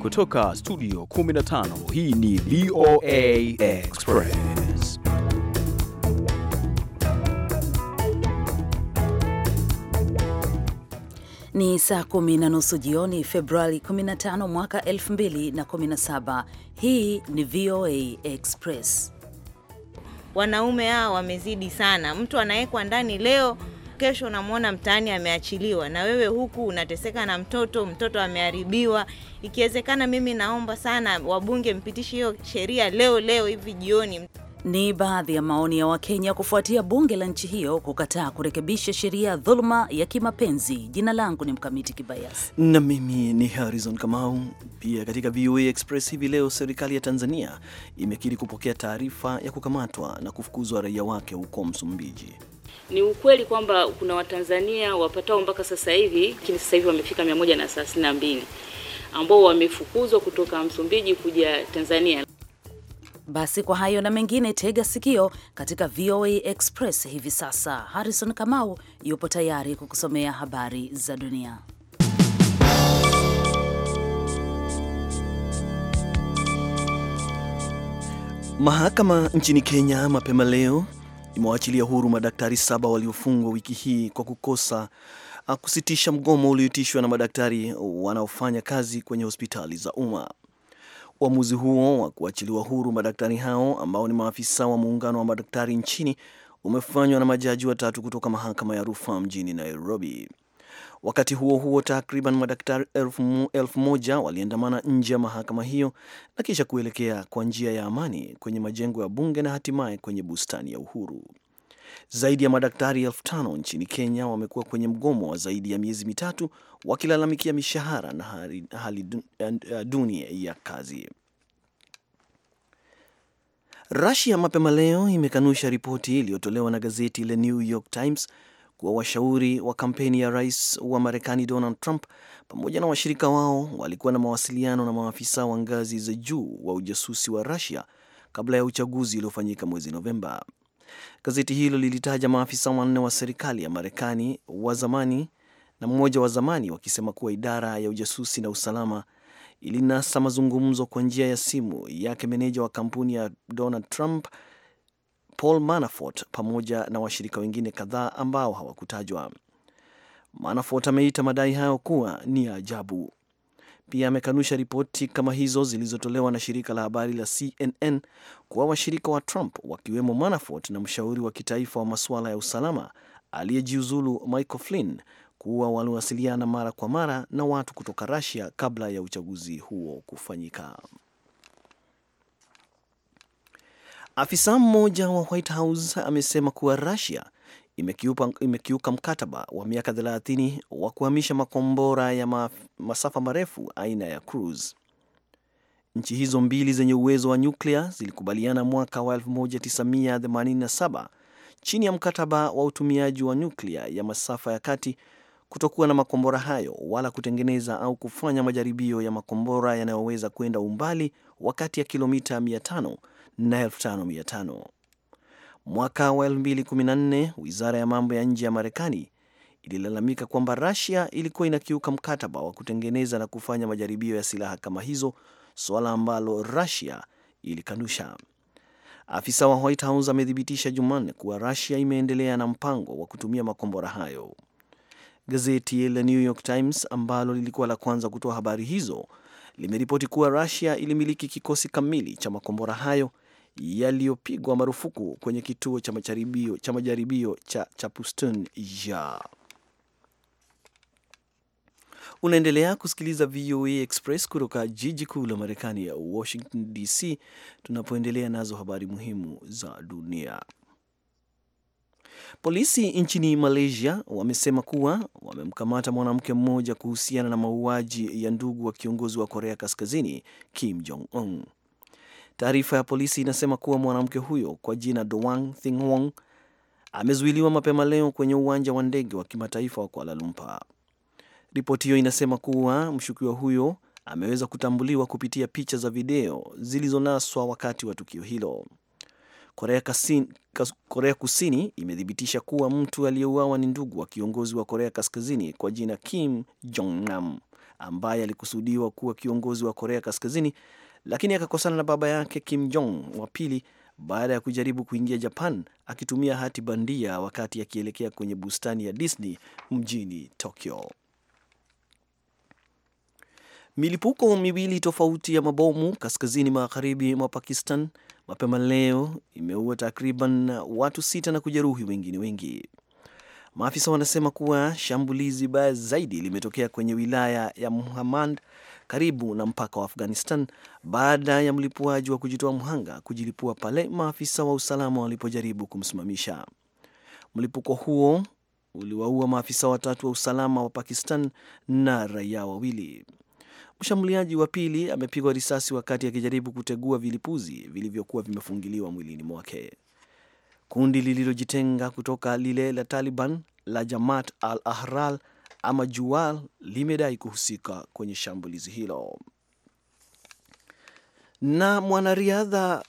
Kutoka studio 15 hii ni VOA Express. Ni saa kumi na nusu jioni Februari 15 mwaka 2017. Hii ni VOA Express. Wanaume hao wamezidi sana, mtu anawekwa ndani leo kesho unamwona mtaani ameachiliwa, na wewe huku unateseka na mtoto, mtoto ameharibiwa. Ikiwezekana, mimi naomba sana wabunge mpitishe hiyo sheria leo leo hivi jioni. Ni baadhi ya maoni ya Wakenya kufuatia bunge la nchi hiyo kukataa kurekebisha sheria ya dhuluma ya kimapenzi. Jina langu ni Mkamiti Kibayasi na mimi ni Harrison Kamau. Pia katika VOA Express hivi leo, serikali ya Tanzania imekiri kupokea taarifa ya kukamatwa na kufukuzwa raia wake huko Msumbiji. Ni ukweli kwamba kuna Watanzania wapatao mpaka sasa hivi, lakini sasa hivi wamefika 132 ambao wamefukuzwa kutoka Msumbiji kuja Tanzania. Basi kwa hayo na mengine, tega sikio katika VOA Express hivi sasa. Harrison Kamau yupo tayari kukusomea habari za dunia. Mahakama nchini Kenya mapema leo imewaachilia huru madaktari saba waliofungwa wiki hii kwa kukosa uh, kusitisha mgomo ulioitishwa na madaktari wanaofanya kazi kwenye hospitali za umma. Uamuzi huo wa kuachiliwa huru madaktari hao ambao ni maafisa wa muungano wa madaktari nchini umefanywa na majaji watatu kutoka mahakama ya rufaa mjini Nairobi. Wakati huo huo, takriban madaktari elfu, elfu moja waliandamana nje ya mahakama hiyo na kisha kuelekea kwa njia ya amani kwenye majengo ya bunge na hatimaye kwenye bustani ya Uhuru. Zaidi ya madaktari elfu tano nchini Kenya wamekuwa kwenye mgomo wa zaidi ya miezi mitatu wakilalamikia mishahara na hali, hali eh, eh, duni ya kazi. Rusia mapema leo imekanusha ripoti iliyotolewa na gazeti la New York Times kuwa washauri wa kampeni ya rais wa Marekani Donald Trump pamoja na washirika wao walikuwa na mawasiliano na maafisa wa ngazi za juu wa ujasusi wa Rusia kabla ya uchaguzi uliofanyika mwezi Novemba. Gazeti hilo lilitaja maafisa wanne wa serikali ya Marekani wa zamani na mmoja wa zamani wakisema kuwa idara ya ujasusi na usalama ilinasa mazungumzo kwa njia ya simu yake meneja wa kampuni ya Donald Trump Paul Manafort pamoja na washirika wengine kadhaa ambao hawakutajwa. Manafort ameita madai hayo kuwa ni ya ajabu. Pia amekanusha ripoti kama hizo zilizotolewa na shirika la habari la CNN kuwa washirika wa Trump wakiwemo Manafort na mshauri wa kitaifa wa masuala ya usalama aliyejiuzulu Michael Flynn kuwa waliwasiliana mara kwa mara na watu kutoka Russia kabla ya uchaguzi huo kufanyika. Afisa mmoja wa White House amesema kuwa Russia imekiuka, imekiuka mkataba wa miaka 30 wa kuhamisha makombora ya ma, masafa marefu aina ya cruise. Nchi hizo mbili zenye uwezo wa nyuklia zilikubaliana mwaka wa 1987 chini ya mkataba wa utumiaji wa nyuklia ya masafa ya kati kutokuwa na makombora hayo wala kutengeneza au kufanya majaribio ya makombora yanayoweza kwenda umbali wa kati ya kilomita 500 na 5500. Mwaka wa 2014 wizara ya mambo ya nje ya Marekani ililalamika kwamba rasia ilikuwa inakiuka mkataba wa kutengeneza na kufanya majaribio ya silaha kama hizo, suala ambalo Rusia ilikanusha. Afisa wa White House amethibitisha Jumanne kuwa rasia imeendelea na mpango wa kutumia makombora hayo. Gazeti la New York Times ambalo lilikuwa la kwanza kutoa habari hizo limeripoti kuwa Rusia ilimiliki kikosi kamili cha makombora hayo yaliyopigwa marufuku kwenye kituo cha majaribio cha, majaribio cha Chapuston ya Unaendelea kusikiliza VOA Express kutoka jiji kuu la Marekani ya Washington DC, tunapoendelea nazo habari muhimu za dunia. Polisi nchini Malaysia wamesema kuwa wamemkamata mwanamke mmoja kuhusiana na mauaji ya ndugu wa kiongozi wa Korea Kaskazini Kim Jong Un. Taarifa ya polisi inasema kuwa mwanamke huyo kwa jina Doang Thinghong amezuiliwa mapema leo kwenye uwanja wa ndege wa kimataifa wa Kuala Lumpur. Ripoti hiyo inasema kuwa mshukiwa huyo ameweza kutambuliwa kupitia picha za video zilizonaswa wakati wa tukio hilo. Korea, Kasin, Korea Kusini imethibitisha kuwa mtu aliyeuawa ni ndugu wa kiongozi wa Korea Kaskazini kwa jina Kim Jong Nam ambaye alikusudiwa kuwa kiongozi wa Korea Kaskazini lakini akakosana na baba yake Kim Jong wa pili baada ya kujaribu kuingia Japan akitumia hati bandia wakati akielekea kwenye bustani ya Disney mjini Tokyo. Milipuko miwili tofauti ya mabomu kaskazini magharibi mwa Pakistan mapema leo imeua takriban watu sita na kujeruhi wengine wengi. Maafisa wanasema kuwa shambulizi baya zaidi limetokea kwenye wilaya ya Muhammad karibu na mpaka wa Afghanistan baada ya mlipuaji wa kujitoa mhanga kujilipua pale maafisa wa usalama walipojaribu kumsimamisha. Mlipuko huo uliwaua maafisa watatu wa usalama wa Pakistan na raia wawili. Mshambuliaji wa pili amepigwa risasi wakati akijaribu kutegua vilipuzi vilivyokuwa vimefungiliwa mwilini mwake. Kundi lililojitenga kutoka lile la Taliban la Jamaat al Ahrar ama Jual limedai kuhusika kwenye shambulizi hilo. Na mwanariadha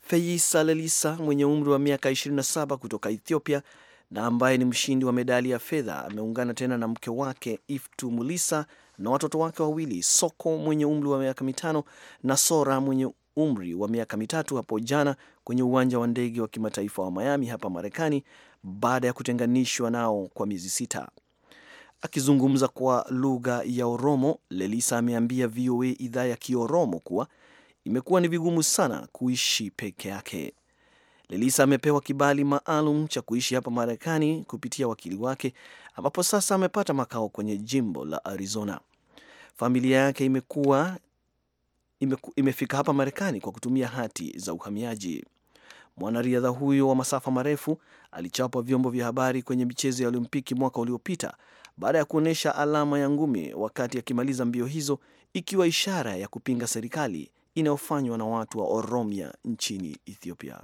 Feyisa Lelisa mwenye umri wa miaka 27 kutoka Ethiopia na ambaye ni mshindi wa medali ya fedha ameungana tena na mke wake Iftu Mulisa na watoto wake wawili, Soko mwenye umri wa miaka mitano na Sora mwenye umri wa miaka mitatu hapo jana kwenye uwanja wa ndege wa kimataifa wa Miami hapa Marekani baada ya kutenganishwa nao kwa miezi sita. Akizungumza kwa lugha ya Oromo, Lelisa ameambia VOA idhaa ya Kioromo kuwa imekuwa ni vigumu sana kuishi peke yake. Lelisa amepewa kibali maalum cha kuishi hapa Marekani kupitia wakili wake, ambapo sasa amepata makao kwenye jimbo la Arizona. Familia yake imekuwa imeku, imefika hapa Marekani kwa kutumia hati za uhamiaji. Mwanariadha huyo wa masafa marefu alichapwa vyombo vya habari kwenye michezo ya Olimpiki mwaka uliopita baada ya kuonyesha alama ya ngumi wakati akimaliza mbio hizo, ikiwa ishara ya kupinga serikali inayofanywa na watu wa Oromia nchini Ethiopia.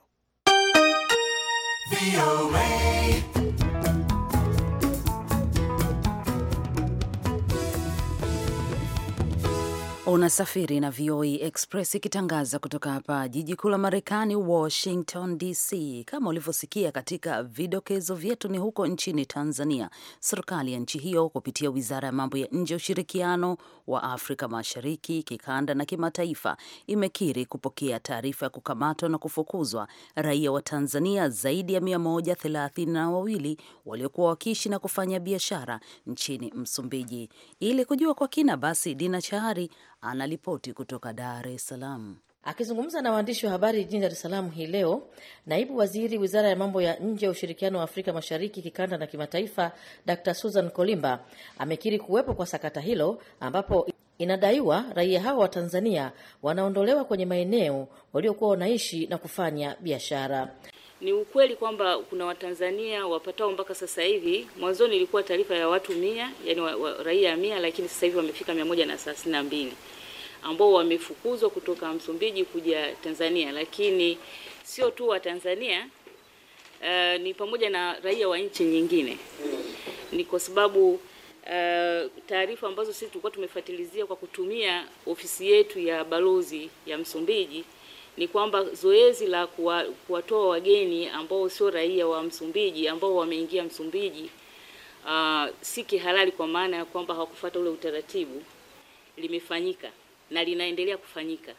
Unasafiri na VOA e Express ikitangaza kutoka hapa jiji kuu la Marekani, Washington DC. Kama ulivyosikia katika vidokezo vyetu, ni huko nchini Tanzania, serikali ya nchi hiyo kupitia wizara ya mambo ya nje ushirikiano wa Afrika Mashariki, kikanda na kimataifa imekiri kupokea taarifa ya kukamatwa na kufukuzwa raia wa Tanzania zaidi ya mia moja thelathini na wawili waliokuwa wakiishi na kufanya biashara nchini Msumbiji. Ili kujua kwa kina, basi Dina Chahari anaripoti kutoka Dar es Salaam. Akizungumza na waandishi wa habari jijini Dar es Salaam hii leo, naibu waziri wizara ya mambo ya nje ya ushirikiano wa Afrika Mashariki, kikanda na kimataifa, Dr Susan Kolimba amekiri kuwepo kwa sakata hilo ambapo inadaiwa raia hawa wa Tanzania wanaondolewa kwenye maeneo waliokuwa wanaishi na kufanya biashara. Ni ukweli kwamba kuna Watanzania wapatao mpaka sasa hivi, mwanzoni ilikuwa taarifa ya watu mia, yani wa, wa, raia mia, lakini sasa hivi wamefika mia moja na thelathini na mbili ambao wamefukuzwa kutoka Msumbiji kuja Tanzania, lakini sio tu wa Tanzania uh, ni pamoja na raia wa nchi nyingine. Ni kwa sababu uh, taarifa ambazo sisi tulikuwa tumefuatilizia kwa kutumia ofisi yetu ya balozi ya Msumbiji ni kwamba zoezi la kuwatoa wageni ambao sio raia wa Msumbiji ambao wameingia Msumbiji uh, si kihalali kwa maana ya kwamba hawakufuata ule utaratibu limefanyika na linaendelea kufanyika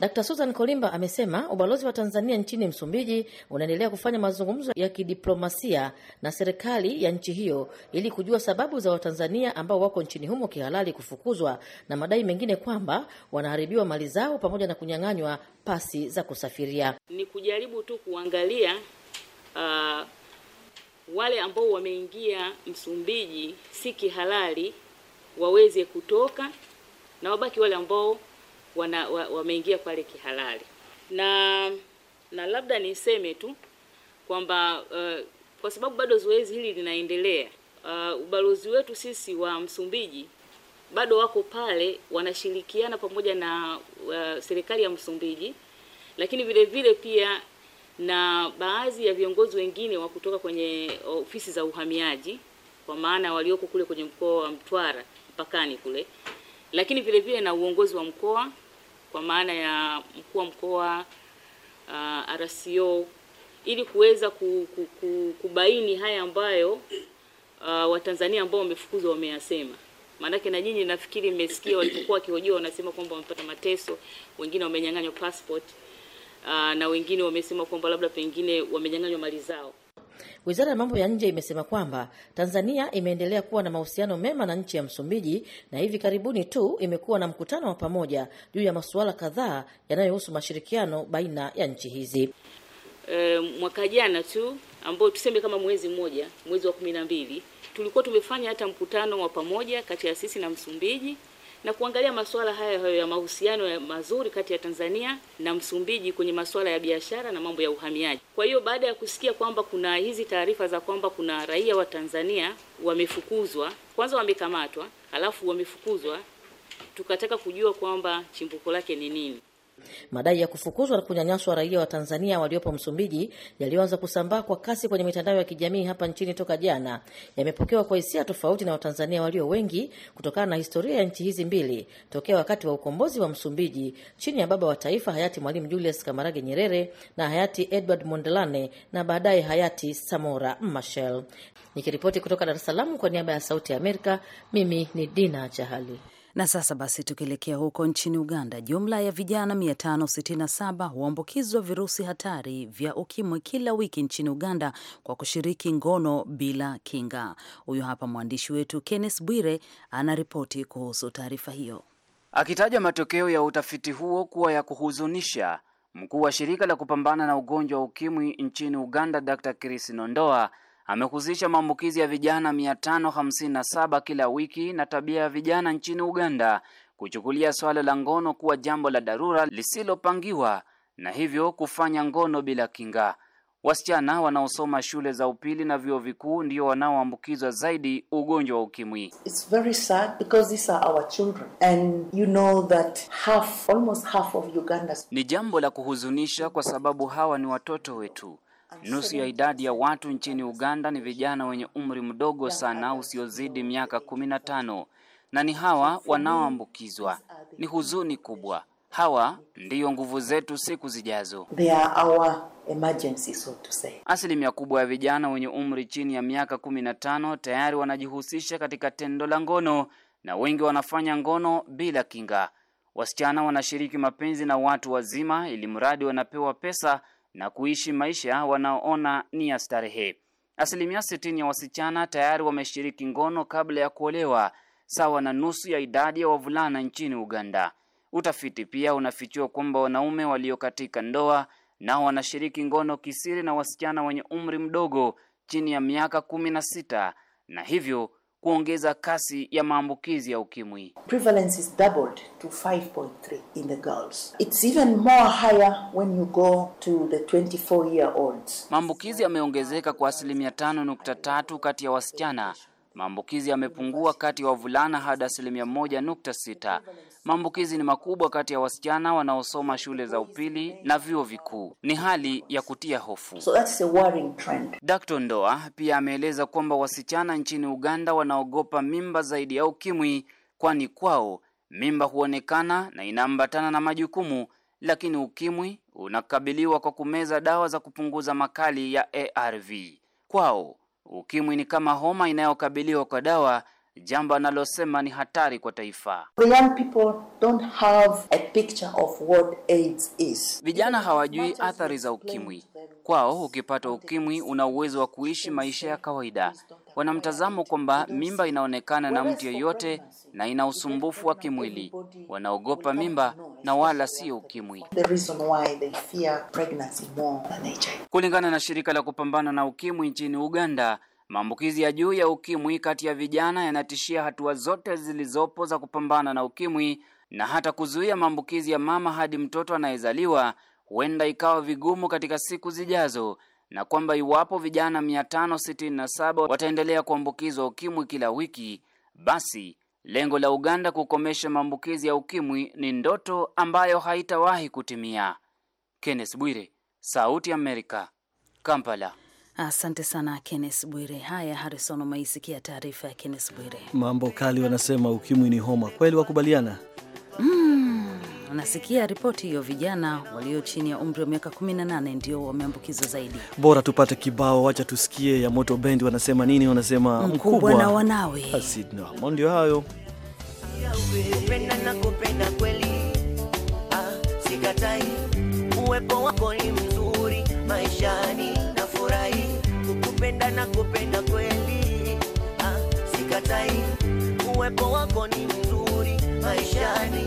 d Susan Kolimba amesema ubalozi wa Tanzania nchini Msumbiji unaendelea kufanya mazungumzo ya kidiplomasia na serikali ya nchi hiyo ili kujua sababu za Watanzania ambao wako nchini humo kihalali kufukuzwa na madai mengine kwamba wanaharibiwa mali zao pamoja na kunyang'anywa pasi za kusafiria. Ni kujaribu tu kuangalia uh, wale ambao wameingia Msumbiji si kihalali waweze kutoka na wabaki wale ambao wana, wameingia pale kihalali na na labda niseme tu kwamba uh, kwa sababu bado zoezi hili linaendelea uh, ubalozi wetu sisi wa Msumbiji bado wako pale wanashirikiana pamoja na uh, serikali ya Msumbiji, lakini vile vile pia na baadhi ya viongozi wengine wa kutoka kwenye ofisi za uhamiaji, kwa maana walioko kule kwenye mkoa wa Mtwara mpakani kule, lakini vile vile na uongozi wa mkoa kwa maana ya mkuu wa mkoa uh, RCO ili kuweza ku, ku, ku, kubaini haya ambayo uh, Watanzania ambao wamefukuzwa wameyasema. Maanake na nyinyi nafikiri mmesikia walipokuwa wakihojiwa wanasema kwamba wamepata mateso, wengine wamenyang'anywa passport uh, na wengine wamesema kwamba labda pengine wamenyang'anywa mali zao. Wizara ya mambo ya nje imesema kwamba Tanzania imeendelea kuwa na mahusiano mema na nchi ya Msumbiji na hivi karibuni tu imekuwa na mkutano wa pamoja juu ya masuala kadhaa yanayohusu mashirikiano baina ya nchi hizi. E, mwaka jana tu ambao tuseme kama mwezi mmoja, mwezi wa kumi na mbili tulikuwa tumefanya hata mkutano wa pamoja kati ya sisi na Msumbiji na kuangalia masuala haya hayo ya mahusiano mazuri kati ya Tanzania na Msumbiji kwenye masuala ya biashara na mambo ya uhamiaji. Kwa hiyo baada ya kusikia kwamba kuna hizi taarifa za kwamba kuna raia wa Tanzania wamefukuzwa, kwanza wamekamatwa, alafu wamefukuzwa, tukataka kujua kwamba chimbuko lake ni nini. Madai ya kufukuzwa na kunyanyaswa raia wa Tanzania waliopo Msumbiji yaliyoanza kusambaa kwa kasi kwenye mitandao ya kijamii hapa nchini toka jana yamepokewa kwa hisia tofauti na Watanzania walio wengi kutokana na historia ya nchi hizi mbili tokea wakati wa ukombozi wa Msumbiji chini ya baba wa taifa hayati Mwalimu Julius Kamarage Nyerere na hayati Edward Mondelane na baadaye hayati Samora Machel. Nikiripoti kutoka Dar es Salaam kwa niaba ya Sauti ya Amerika, mimi ni Dina Chahali. Na sasa basi, tukielekea huko nchini Uganda, jumla ya vijana 567 huambukizwa virusi hatari vya ukimwi kila wiki nchini Uganda kwa kushiriki ngono bila kinga. Huyu hapa mwandishi wetu Kenneth Bwire anaripoti kuhusu taarifa hiyo. Akitaja matokeo ya utafiti huo kuwa ya kuhuzunisha, mkuu wa shirika la kupambana na ugonjwa wa ukimwi nchini Uganda, Dr. Chris Nondoa amehusisha maambukizi ya vijana 557 kila wiki na tabia ya vijana nchini Uganda kuchukulia swala la ngono kuwa jambo la dharura lisilopangiwa na hivyo kufanya ngono bila kinga. Wasichana wanaosoma shule za upili na vyuo vikuu ndio wanaoambukizwa zaidi ugonjwa wa ukimwi. It's very sad because these are our children and you know that half, almost half of Uganda's. Ni jambo la kuhuzunisha kwa sababu hawa ni watoto wetu. Nusu ya idadi ya watu nchini Uganda ni vijana wenye umri mdogo sana usiozidi miaka kumi na tano, na ni hawa wanaoambukizwa. Ni huzuni kubwa. Hawa ndiyo nguvu zetu siku zijazo. So asilimia kubwa ya vijana wenye umri chini ya miaka kumi na tano tayari wanajihusisha katika tendo la ngono na wengi wanafanya ngono bila kinga. Wasichana wanashiriki mapenzi na watu wazima, ili mradi wanapewa pesa na kuishi maisha wanaoona ni ya starehe. Asilimia 60 ya wasichana tayari wameshiriki ngono kabla ya kuolewa, sawa na nusu ya idadi ya wavulana nchini Uganda. Utafiti pia unafichua kwamba wanaume walio katika ndoa nao wanashiriki ngono kisiri na wasichana wenye umri mdogo chini ya miaka kumi na sita na hivyo kuongeza kasi ya maambukizi ya ukimwi. Prevalence is doubled to 5.3 in the girls. It's even more higher when you go to the 24 year olds. Maambukizi yameongezeka kwa asilimia 5.3 kati ya wasichana Maambukizi yamepungua kati ya wavulana hadi asilimia moja nukta sita. Maambukizi ni makubwa kati ya wasichana wanaosoma shule za upili na vyuo vikuu. Ni hali ya kutia hofu. So Dr. Ndoa pia ameeleza kwamba wasichana nchini Uganda wanaogopa mimba zaidi ya ukimwi, kwani kwao mimba huonekana na inaambatana na majukumu, lakini ukimwi unakabiliwa kwa kumeza dawa za kupunguza makali ya ARV kwao ukimwi ni kama homa inayokabiliwa kwa dawa, jambo analosema ni hatari kwa taifa. Vijana hawajui athari za ukimwi. Kwao ukipata ukimwi una uwezo wa kuishi maisha ya kawaida. Wana mtazamo kwamba mimba inaonekana na mtu yeyote na ina usumbufu wa kimwili. Wanaogopa mimba na wala sio ukimwi. Kulingana na shirika la kupambana na ukimwi nchini Uganda, maambukizi ya juu ya ukimwi kati ya vijana yanatishia hatua zote zilizopo za kupambana na ukimwi na hata kuzuia maambukizi ya mama hadi mtoto anayezaliwa huenda ikawa vigumu katika siku zijazo na kwamba iwapo vijana 567 wataendelea kuambukizwa ukimwi kila wiki, basi lengo la Uganda kukomesha maambukizi ya ukimwi ni ndoto ambayo haitawahi kutimia. Kenneth Bwire, Sauti ya Amerika, Kampala. Asante sana Kennes Bwire. Haya, Harison, umeisikia taarifa ya Kennes Bwire. Mambo kali, wanasema ukimwi ni homa kweli, wakubaliana mm. Nasikia ripoti hiyo, vijana walio chini ya umri wa miaka 18 ndio wameambukizwa zaidi. Bora tupate kibao, wacha tusikie ya Moto bend wanasema nini. Wanasema mkubwa, na wanawe. Basi ndio hayo Uwepo wako ni mzuri maishani, nafurahi kukupenda na kupenda kweli, ah, sikatai. Uwepo wako ni mzuri maishani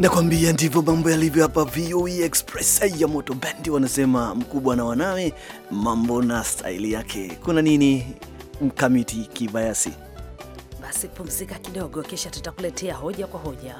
Nakwambia ndivyo mambo yalivyo hapa VOE Express ya moto bendi, wanasema mkubwa na wanawe, mambo na staili yake. Kuna nini mkamiti kibayasi? Basi pumzika kidogo, kisha tutakuletea hoja kwa hoja.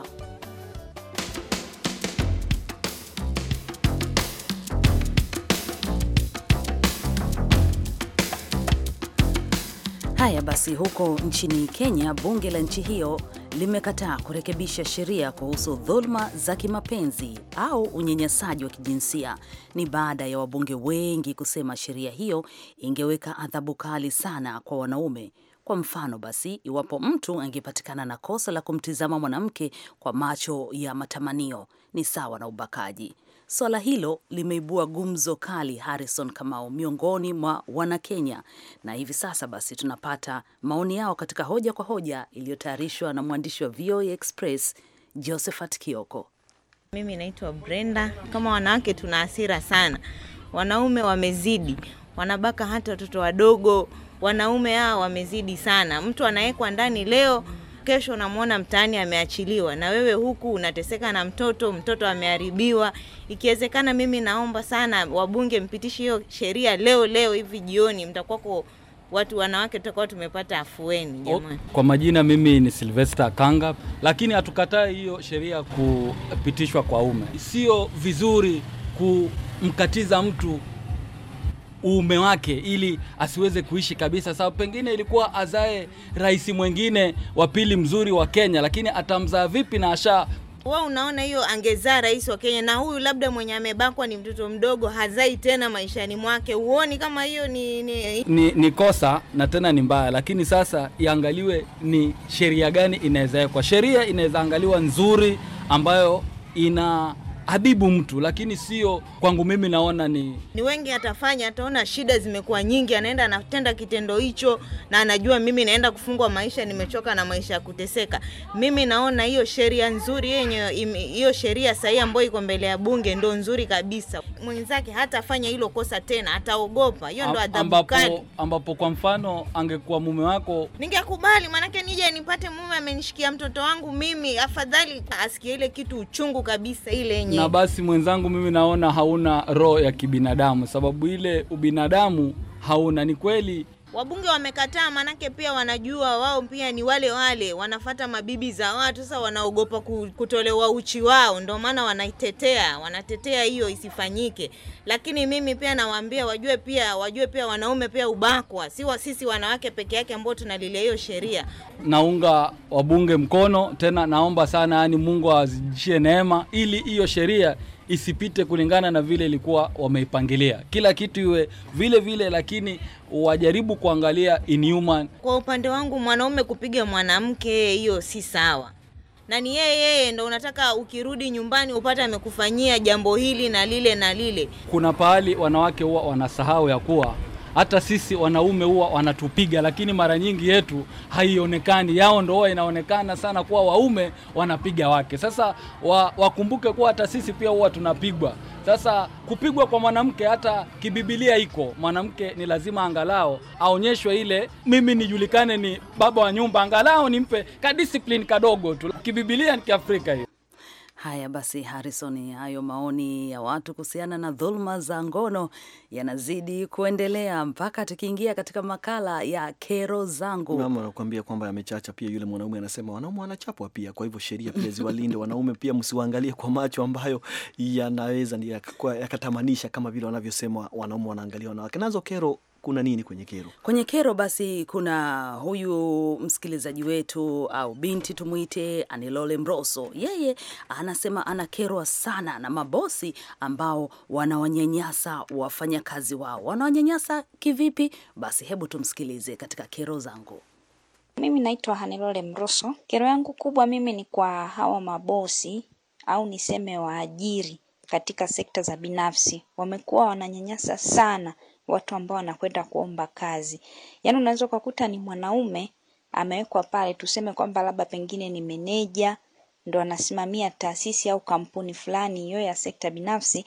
Haya basi, huko nchini Kenya, bunge la nchi hiyo limekataa kurekebisha sheria kuhusu dhuluma za kimapenzi au unyanyasaji wa kijinsia. Ni baada ya wabunge wengi kusema sheria hiyo ingeweka adhabu kali sana kwa wanaume. Kwa mfano basi, iwapo mtu angepatikana na kosa la kumtizama mwanamke kwa macho ya matamanio, ni sawa na ubakaji. Swala hilo limeibua gumzo kali, Harrison Kamau, miongoni mwa Wanakenya, na hivi sasa basi tunapata maoni yao katika hoja kwa hoja iliyotayarishwa na mwandishi wa VOA Express Josephat Kioko. Mimi naitwa Brenda. Kama wanawake tuna hasira sana, wanaume wamezidi, wanabaka hata watoto wadogo. Wanaume hao wamezidi sana, mtu anawekwa ndani leo kesho unamwona mtaani ameachiliwa, na wewe huku unateseka na mtoto, mtoto ameharibiwa. Ikiwezekana, mimi naomba sana wabunge mpitishe hiyo sheria leo leo hivi jioni, mtakuwako watu wanawake tutakuwa tumepata afueni jamani. Kwa majina mimi ni Sylvester Kanga, lakini hatukatai hiyo sheria kupitishwa kwa ume. Sio vizuri kumkatiza mtu uume wake ili asiweze kuishi kabisa. Sababu pengine ilikuwa azae rais mwingine wa pili mzuri wa Kenya, lakini atamzaa vipi na asha wa unaona, hiyo angezaa rais wa Kenya na huyu labda mwenye amebakwa ni mtoto mdogo, hazai tena maishani mwake. Huoni kama hiyo ni ni... Ni, ni kosa na tena ni mbaya, lakini sasa iangaliwe ni sheria gani inaweza wekwa. Sheria inaweza angaliwa nzuri ambayo ina adhibu mtu, lakini sio kwangu. Mimi naona ni ni wengi atafanya, ataona shida zimekuwa nyingi, anaenda anatenda kitendo hicho, na anajua mimi naenda kufungwa maisha, nimechoka na maisha ya kuteseka. Mimi naona hiyo sheria nzuri yenye hiyo sheria sahihi ambayo iko mbele ya bunge ndo nzuri kabisa. Mwenzake hatafanya hilo kosa tena, ataogopa. Hiyo ndo adhabu kali. Ambapo kwa mfano angekuwa mume wako, ningekubali manake nije nipate mume amenishikia mtoto wangu mimi, afadhali asikie ile kitu uchungu kabisa ile yenye na basi mwenzangu, mimi naona hauna roho ya kibinadamu, sababu ile ubinadamu hauna. Ni kweli Wabunge wamekataa, manake pia wanajua wao pia ni wale wale wanafata mabibi za watu. Sasa wanaogopa kutolewa uchi wao, ndio maana wanaitetea, wanatetea hiyo isifanyike. Lakini mimi pia nawaambia wajue, pia wajue pia wanaume pia ubakwa, si sisi wanawake peke yake ambao tunalilia hiyo sheria. Naunga wabunge mkono, tena naomba sana, yani Mungu awazidishie neema ili hiyo sheria isipite kulingana na vile ilikuwa wameipangilia, kila kitu iwe vile vile, lakini wajaribu kuangalia inhuman. Kwa upande wangu, mwanaume kupiga mwanamke, hiyo si sawa na ni yeye yeye ndo unataka ukirudi nyumbani upate amekufanyia jambo hili na lile na lile. Kuna pahali wanawake huwa wanasahau ya kuwa hata sisi wanaume huwa wanatupiga, lakini mara nyingi yetu haionekani, yao ndo huwa inaonekana sana kuwa waume wanapiga wake. Sasa wa, wakumbuke kuwa hata sisi pia huwa tunapigwa. Sasa kupigwa kwa mwanamke hata kibibilia iko, mwanamke ni lazima angalao aonyeshwe ile, mimi nijulikane ni baba wa nyumba, angalao nimpe kadisiplini kadogo tu, kibibilia ni Kiafrika hiyo. Haya basi, Harrison, hayo maoni ya watu kuhusiana na dhuluma za ngono yanazidi kuendelea mpaka tukiingia katika makala ya kero zangu. Mama anakuambia kwamba yamechacha. Pia yule mwanaume anasema wanaume wanachapwa pia, kwa hivyo sheria pia ziwalinde wanaume pia, msiwaangalie kwa macho ambayo yanaweza yakatamanisha, kama vile wanavyosema wanaume wanaangalia wanawake. Nazo kero kuna nini kwenye kero? Kwenye kero basi kuna huyu msikilizaji wetu au binti tumwite Anilole mroso yeye anasema anakerwa sana na mabosi ambao wanawanyanyasa wafanyakazi wao. Wanawanyanyasa kivipi? Basi hebu tumsikilize katika kero zangu. Mimi naitwa Hanilole Mroso. Kero yangu kubwa mimi ni kwa hawa mabosi au niseme waajiri katika sekta za binafsi, wamekuwa wananyanyasa sana watu ambao wanakwenda kuomba kazi. Yaani unaweza ukakuta ni mwanaume amewekwa pale, tuseme kwamba labda pengine ni meneja, ndo anasimamia taasisi au kampuni fulani hiyo ya sekta binafsi,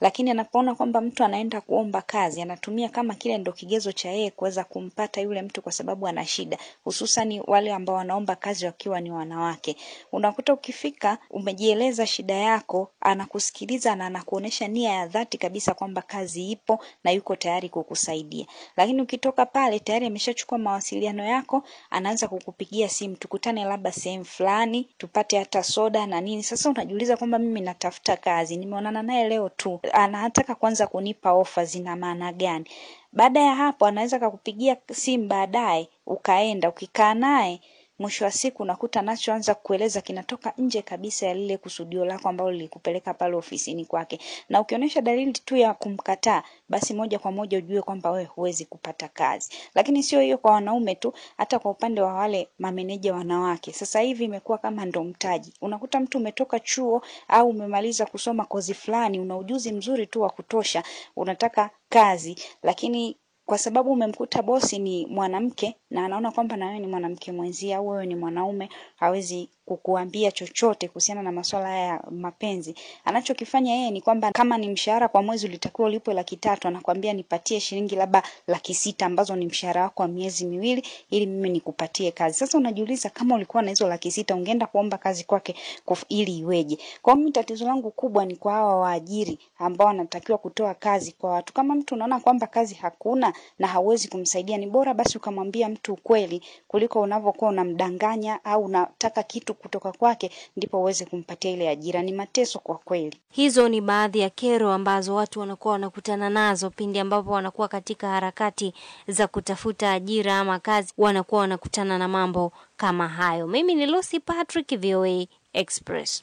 lakini anapoona kwamba mtu anaenda kuomba kazi, anatumia kama kile ndo kigezo cha yeye kuweza kumpata yule mtu kwa sababu ana shida, hususani wale ambao wanaomba kazi wakiwa ni wanawake. Unakuta ukifika umejieleza shida yako, anakusikiliza na anakuonesha nia ya dhati kabisa kwamba kazi ipo na yuko tayari kukusaidia. Lakini ukitoka pale tayari ameshachukua mawasiliano yako, anaanza kukupigia simu, tukutane labda sehemu fulani, tupate hata soda na nini. Sasa unajiuliza kwamba mimi natafuta kazi, nimeonana naye leo tu, anataka kwanza kunipa ofa zina maana gani. Baada ya hapo, anaweza kakupigia simu baadaye, ukaenda ukikaa naye mwisho wa siku unakuta anachoanza kueleza kinatoka nje kabisa ya lile kusudio lako ambalo lilikupeleka pale ofisini kwake. Na ukionyesha dalili tu ya kumkataa, basi moja kwa moja ujue kwamba wewe huwezi kupata kazi. Lakini sio hiyo kwa wanaume tu, hata kwa upande wa wale mameneja wanawake. Sasa hivi imekuwa kama ndo mtaji. Unakuta mtu umetoka chuo au umemaliza kusoma kozi fulani, una ujuzi mzuri tu wa kutosha, unataka kazi lakini kwa sababu umemkuta bosi ni mwanamke na anaona kwamba na wewe ni mwanamke mwenzia au wewe ni mwanaume hawezi kukuambia chochote kuhusiana na masuala ya mapenzi. Anachokifanya yeye ni kwamba kama ni mshahara kwa mwezi ulitakiwa ulipwe laki tatu, anakwambia nipatie shilingi labda laki sita ambazo ni mshahara wako wa miezi miwili ili mimi nikupatie kazi. Sasa unajiuliza kama ulikuwa na hizo laki sita ungeenda kuomba kazi kwake ili iweje? Kwa hiyo tatizo langu kubwa ni kwa hawa waajiri ambao wanatakiwa kutoa kazi kwa watu. Kama mtu unaona kwamba kazi hakuna na hauwezi kumsaidia, ni bora basi ukamwambia mtu ukweli kuliko unavyokuwa unamdanganya au unataka kitu kutoka kwake ndipo uweze kumpatia ile ajira. Ni mateso kwa kweli. Hizo ni baadhi ya kero ambazo watu wanakuwa wanakutana nazo pindi ambapo wanakuwa katika harakati za kutafuta ajira ama kazi, wanakuwa wanakutana na mambo kama hayo. Mimi ni Lucy Patrick, VOA Express.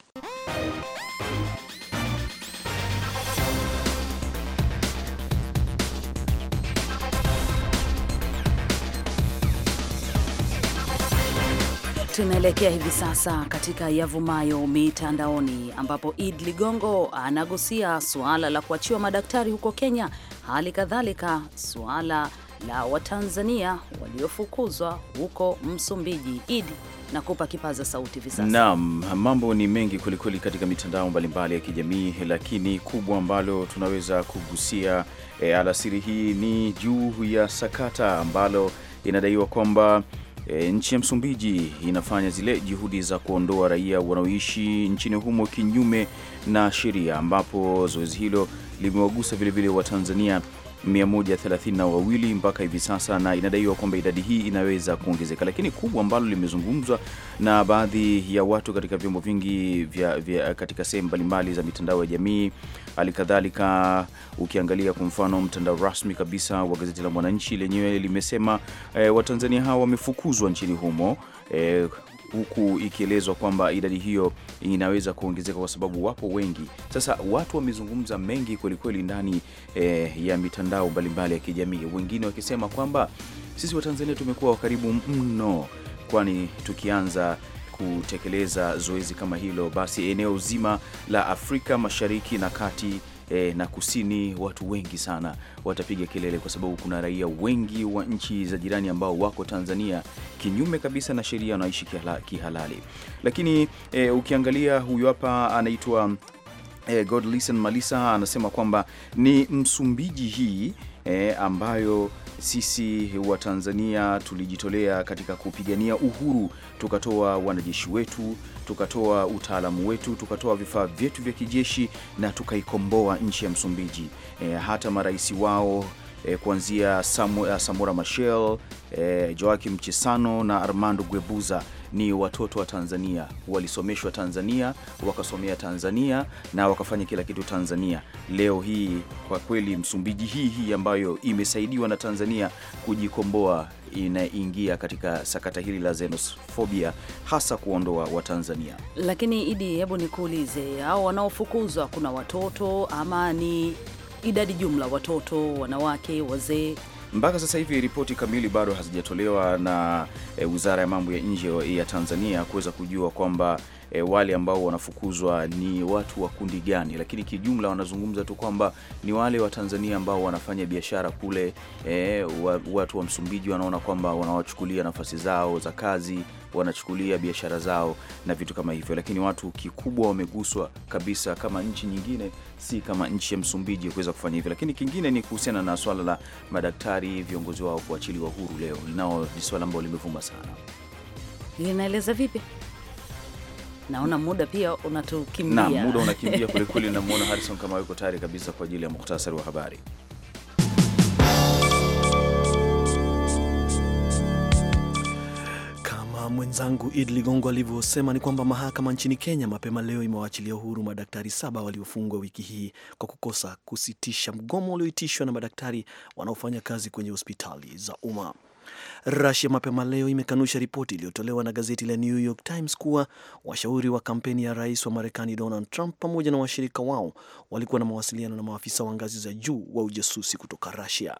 Tunaelekea hivi sasa katika yavumayo mitandaoni, ambapo Id Ligongo anagusia suala la kuachiwa madaktari huko Kenya, hali kadhalika suala la Watanzania waliofukuzwa huko Msumbiji. Id, na kupa kipaza sauti hivi sasa. Naam, mambo ni mengi kwelikweli katika mitandao mbalimbali ya kijamii, lakini kubwa ambalo tunaweza kugusia e, alasiri hii ni juu ya sakata ambalo inadaiwa kwamba E, nchi ya Msumbiji inafanya zile juhudi za kuondoa raia wanaoishi nchini humo kinyume na sheria, ambapo zoezi hilo limewagusa vilevile Watanzania 132 mpaka hivi sasa, na inadaiwa kwamba idadi hii inaweza kuongezeka. Lakini kubwa ambalo limezungumzwa na baadhi ya watu katika vyombo vingi vya, vya katika sehemu mbalimbali za mitandao ya jamii, halikadhalika ukiangalia kwa mfano mtandao rasmi kabisa wa gazeti la Mwananchi lenyewe limesema e, Watanzania hawa wamefukuzwa nchini humo e, huku ikielezwa kwamba idadi hiyo inaweza kuongezeka kwa sababu wapo wengi. Sasa watu wamezungumza mengi kwelikweli ndani eh, ya mitandao mbalimbali ya kijamii, wengine wakisema kwamba sisi Watanzania tumekuwa wakaribu mno, kwani tukianza kutekeleza zoezi kama hilo, basi eneo zima la Afrika Mashariki na Kati e, na kusini, watu wengi sana watapiga kelele kwa sababu kuna raia wengi wa nchi za jirani ambao wako Tanzania kinyume kabisa na sheria wanaishi kihalali. Lakini e, ukiangalia huyu hapa anaitwa e, eh, Godlisten Malisa anasema kwamba ni Msumbiji hii e, ambayo sisi wa Tanzania tulijitolea katika kupigania uhuru, tukatoa wanajeshi wetu tukatoa utaalamu wetu, tukatoa vifaa vyetu vya kijeshi na tukaikomboa nchi ya Msumbiji. E, hata marais wao e, kuanzia eh, Samora Machel, e, Joaquim Chissano na Armando Guebuza ni watoto wa Tanzania, walisomeshwa Tanzania, wakasomea Tanzania na wakafanya kila kitu Tanzania. Leo hii kwa kweli Msumbiji hii hii ambayo imesaidiwa na Tanzania kujikomboa inaingia katika sakata hili la xenofobia hasa kuondoa Watanzania. Lakini Idi, hebu nikuulize, hao wanaofukuzwa kuna watoto ama ni idadi jumla? Watoto, wanawake, wazee? Mpaka sasa hivi ripoti kamili bado hazijatolewa na e, Wizara ya Mambo ya Nje ya Tanzania kuweza kujua kwamba e, wale ambao wanafukuzwa ni watu wa kundi gani, lakini kijumla wanazungumza tu kwamba ni wale wa Tanzania ambao wanafanya biashara kule e, wa, watu wa Msumbiji wanaona kwamba wanawachukulia nafasi zao za kazi, wanachukulia biashara zao na vitu kama hivyo, lakini watu kikubwa wameguswa kabisa, kama nchi nyingine, si kama nchi ya Msumbiji kuweza kufanya hivyo. Lakini kingine ni kuhusiana na swala la madaktari, viongozi wao kuachiliwa huru leo, linao ni swala ambalo limevuma sana. Linaeleza vipi? Naona muda pia unatukimbia. Na muda unakimbia kwelikweli. Namwona Harrison kama yuko tayari kabisa kwa ajili ya muhtasari wa habari. Mwenzangu id Ligongo alivyosema ni kwamba mahakama nchini Kenya mapema leo imewaachilia uhuru madaktari saba waliofungwa wiki hii kwa kukosa kusitisha mgomo ulioitishwa na madaktari wanaofanya kazi kwenye hospitali za umma. Rusia mapema leo imekanusha ripoti iliyotolewa na gazeti la New York Times kuwa washauri wa kampeni ya rais wa Marekani Donald Trump pamoja na washirika wao walikuwa na mawasiliano na maafisa wa ngazi za juu wa ujasusi kutoka Rusia.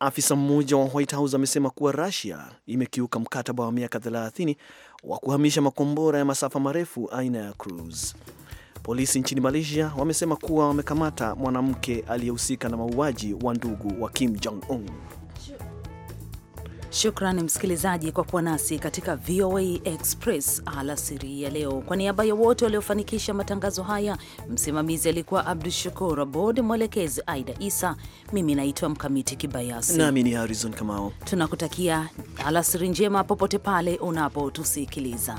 Afisa mmoja wa White House amesema kuwa Rusia imekiuka mkataba wa miaka 30 wa kuhamisha makombora ya masafa marefu aina ya cruise. Polisi nchini Malaysia wamesema kuwa wamekamata mwanamke aliyehusika na mauaji wa ndugu wa Kim Jong Un. Shukrani msikilizaji kwa kuwa nasi katika VOA Express alasiri ya leo. Kwa niaba ya wote waliofanikisha matangazo haya, msimamizi alikuwa Abdu Shakur Abod, mwelekezi Aida Isa, mimi naitwa Mkamiti Kibayasi nami ni Harizon Kamao. Tunakutakia alasiri njema popote pale unapotusikiliza.